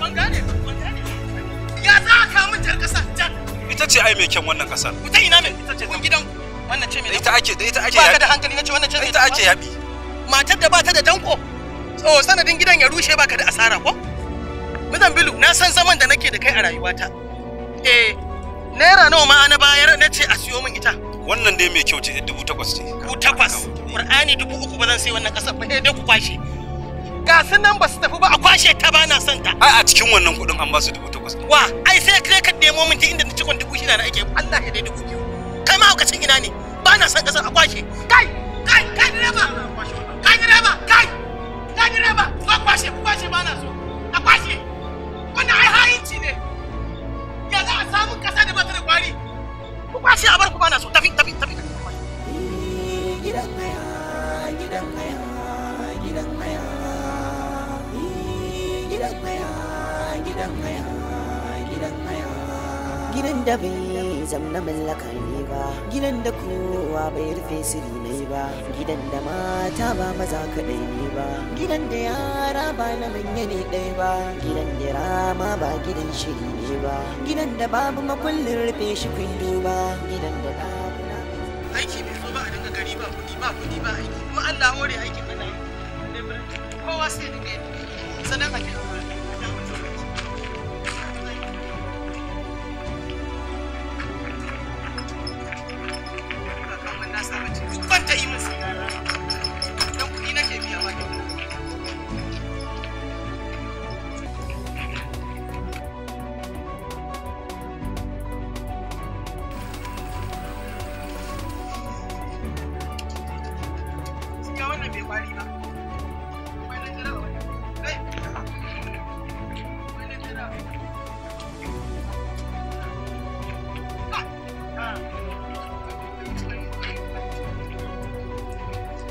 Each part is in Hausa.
Ban gane Ya za ka mun jar kasa jar. Ita ce ai mai kyan wannan kasar. ku ta ina min ita ce kun gidan wannan ce mai. Ita ake da ita ake yabi. Ba ka da hankali na ce wannan ce mai. Ita ake yabi. Matar da ba ta da danko. Oh sanadin gidan ya rushe baka da asara ko? Mutan Bilu na san zaman da nake da kai a rayuwata. Eh naira nawa ma na bayar na ce a siyo min ita. Wannan dai mai kyau ce dubu takwas ce. Dubu takwas. Qur'ani dubu uku ba zan sai wannan kasar ba dai ku kwashe. ga su nan ba su tafi ba a kwashe ta ba na son ta ai a cikin wannan kuɗin an ba su dubu takwas wa ai sai kai ka nemo min inda na cikon dubu shida na ake Allah ya dai dubu biyu kai ma hukacin ina ne ba na son ƙasar a kwashe kai kai kai direba kai raba kai kai direba zo kwashe ku kwashe ba na so a kwashe da bai zamna mallakar ne ba gidan da kowa bai rufe siri ne ba gidan da mata ba maza kaɗai ne ba gidan da yara ba na manya ne ɗaya ba gidan da rama ba gidan shiri ne ba gidan da babu makullin rufe shi kundu ba gidan da ba aiki mai zo ba a dinga gari ba kuɗi ba kuɗi ba aiki kuma Allah hore aikin ana yi kowa sai dinga yi sanan hakika wannan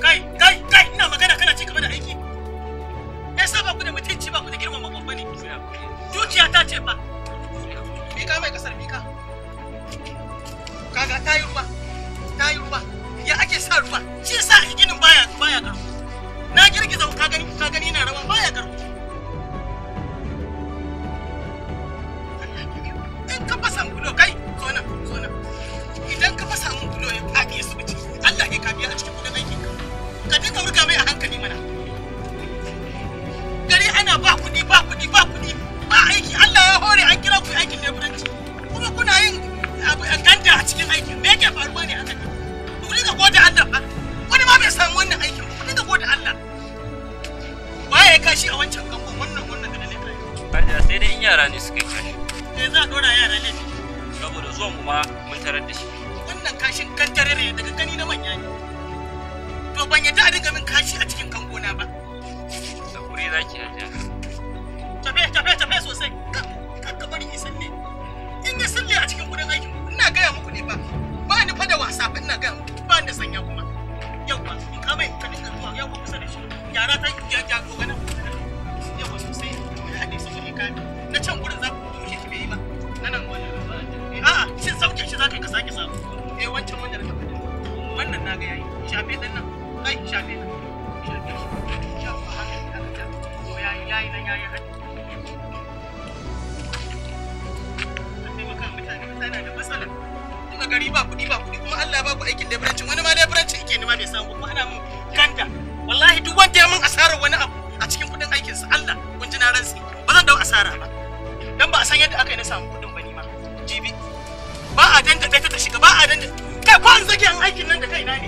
kai kai kai ina magana kana ci gaba da aiki me mutunci ba ta mai kaga ta yi ruwa ta yi ruwa ya ake sa ruwa shi sa a ginin ba together. dai in yara ne suka yi kashi me eh, za a dora yara ne saboda zuwan mu ma mun tarar da shi wannan kashin kan tarere daga gani na manya ne to ban yadda a dinga min kashi a cikin kan gona ba hakuri za ki yarda tafe tafe tafe sosai ka bari isan ne in yi salle a cikin gudun aikin ina gaya muku ne ba ba ni fa da wasa ba ina gaya muku ba ni da sanya kuma yauwa in ka mai ka dinga zuwa ya kusa da shi yara ta ya jago ganin yawa sosai ya haɗe su ne kami shafe nan kai shafe gari ba kuɗi ba kuɗi kuma Allah ba ku aikin wani ma yake bai samu kuma ana mun wallahi duk wanda ya mun asarar wani abu a cikin kuɗin aikinsa Allah kun ji na rantsi ba zan dau asara ba dan ba a san yadda aka yi na samu kuɗin ba ni ma jibi ba a danta ta shiga ba a danta kai ko an zage an aikin nan da kaina ne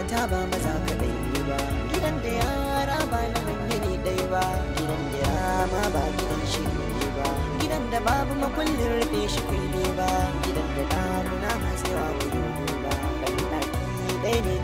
mata ba maza kaɗai ne ba gidan da yara ba na manya ne ɗai ba gidan da yama ba gidan shi ne ba gidan da babu makullin rufe shi kulle ba gidan da damuna na masu yawa kudu ba ɗai ne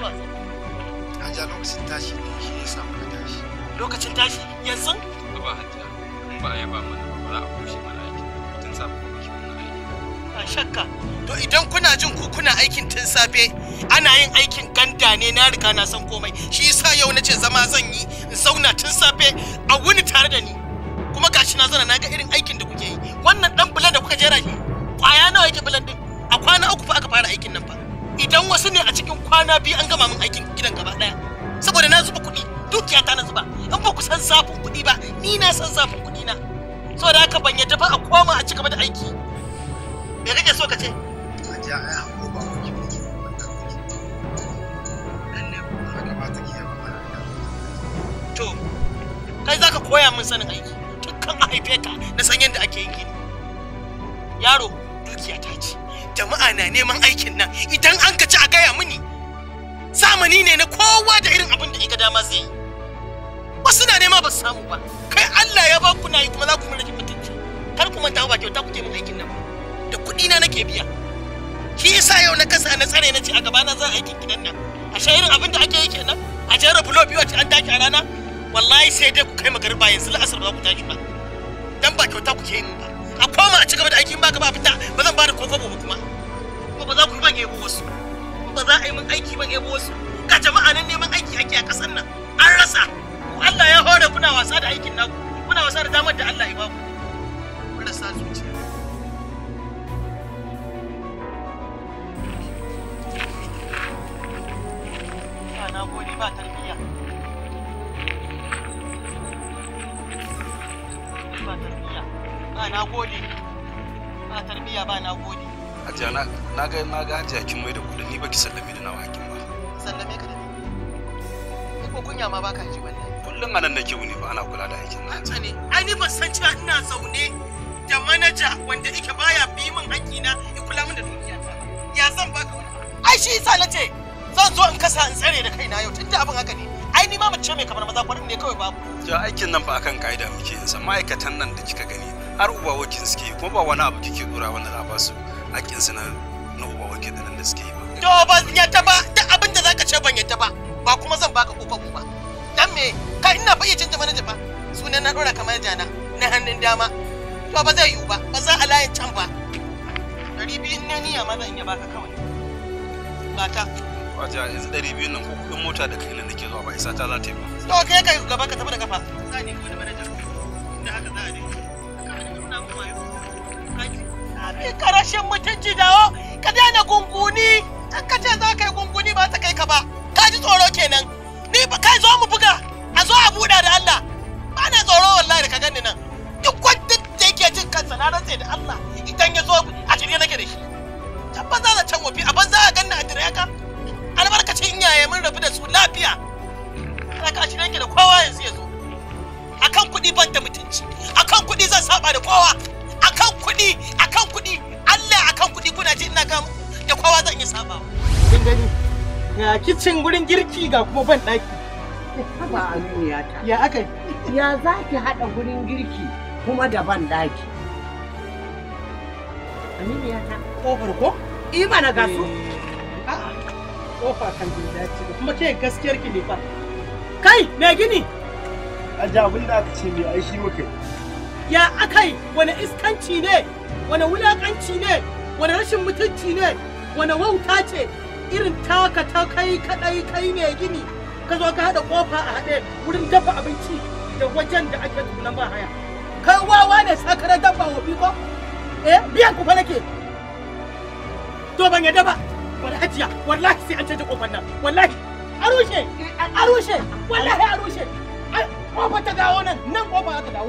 zuwa zan hajja lokacin tashi ne shi ne sa muka tashi lokacin tashi yanzu ba hajja in ba a yaba mana ba za a kushe mana aiki tun safe ko muke wannan aiki ba shakka to idan kuna jin ku kuna aikin tun safe ana yin aikin ganda ne na riga na san komai shi yasa yau na nace zama zan yi in zauna tun safe a wuni tare da ni kuma gashi na zana na ga irin aikin da kuke yi wannan dan bulan da kuka jera shi kwaya nawa yake bulan din a kwana uku fa aka fara aikin nan fa idan wasu ne a cikin kwana biyu an gama min aikin gidan gaba daya saboda na zuba kuɗi dukiya ta na zuba in ba ku san zafin kuɗi ba ni na san zafin kuɗi na saboda haka ban yadda ba a koma a cigaba da aiki me kake so ka ce to kai zaka koya min sanin aiki dukkan a haife ka na san yadda ake yin gini yaro dukiya ta ce jama'a na neman aikin nan idan amfani ne na kowa da irin abin da ita dama zai yi wasu na nema ba su samu ba kai Allah ya ba ku na yi kuma za ku mun rage mutunci har ku manta ba kyauta ku ke mun aikin nan da kuɗi na nake biya shi yasa yau na kasa na tsare na ce a gaba na zan aikin gidan nan a sha irin abin da ake yi kenan a jera bulo biyu a ce an tashi a rana wallahi sai dai ku kai ba yanzu la'asar ba ku tashi ba dan ba kyauta ke yi ba a koma a ci gaba da aiki ba gaba fita ba zan ba da kokobo ba kuma kuma ba za ku yi ban yabo wasu ba za a yi min aiki ban yabo wasu ga jama'a nan neman aiki ake a ƙasar nan an rasa Allah ya hore kuna wasa da aikin naku kuna wasa da damar da Allah ya baku marasa zuciya na gode ba tarbiyya ba tarbiyya ba na gode ba tarbiyya ba na gode Ajiya na ga na ga Hajiya kin mai da kuɗin ni baki sallame da nawa hakin sallame ka da ni ko kunya ma baka ji wallahi kullum anan nake wuni ba ana kula da aikin nan haka ne ai ni ban san cewa ina zaune da manaja wanda yake baya bi min na ya kula min da dukiya ya zan baka ai shi yasa nace zan zo in kasa in tsare da kaina yau tunda abin haka ne ai ni ma mace mai kamar maza kwarin ne kawai babu to aikin nan ba akan kaida muke yin sa ma'aikatan nan da kika gani har uba wakin suke ko ba wani abu kike dora wanda za ba su hakkin su na na uba wakin nan da suke yi ba to ban yadda ba baka ko kwabo ba dan me ka ina fa iya canja manaja fa sunan na dora kamar jana na hannun dama to ba zai yiwu ba ba za a layin can ba ɗari biyu na niyya ma zan iya baka kawai mata Fatiha yanzu ɗari biyu nan ko kuɗin mota da kai nan nake zuwa ba isa ta za ta yi ba. To kai kai gaba ka tafi da kafa. Za ni da Inda haka za a je. karashin mutunci dawo ka daina gunguni. An ka ce za ka yi gunguni ba ta kai ka ba. Ka ji tsoro kenan. zo mu buga a zo a buɗa da Allah ba na tsoro wallahi da ka gani nan duk wanda da yake jin kansa na rantsa da Allah idan ya zo a shirye nake da shi tabbata za ta wofi a banza a ganna a dire haka in yaye mun rabu da su lafiya ana ka shirye da kowa yanzu ya zo akan kuɗi ban da mutunci akan kuɗi zan saba da kowa akan kuɗi akan kuɗi Allah akan kuɗi kuna ji ina ga da kowa zan yi saba kin gani ga kicin gurin girki ga kuma ban ɗaki Ya aka za ki haɗa gurin girki kuma da banɗaki? ɗaki. Aminiyata. Ƙofar ko? Kai, me gini? Aji aka ce mai aishi muka Ya akai wani iskanci ne, wani wulakanci ne, wani rashin mutunci ne, wani wauta ce, irin taka ta kai kaɗai kai mai gini. ka zo ka haɗa kofa a haɗe wurin dafa abinci da wajen da ake tunan ba haya kai wawa ne sakarar dabba wofi ko eh biyan ku fa nake to ban yadda ba wala hajiya wallahi sai an canja kofar nan wallahi a rushe a rushe wallahi a rushe kofar ta dawo nan nan kofa aka dawo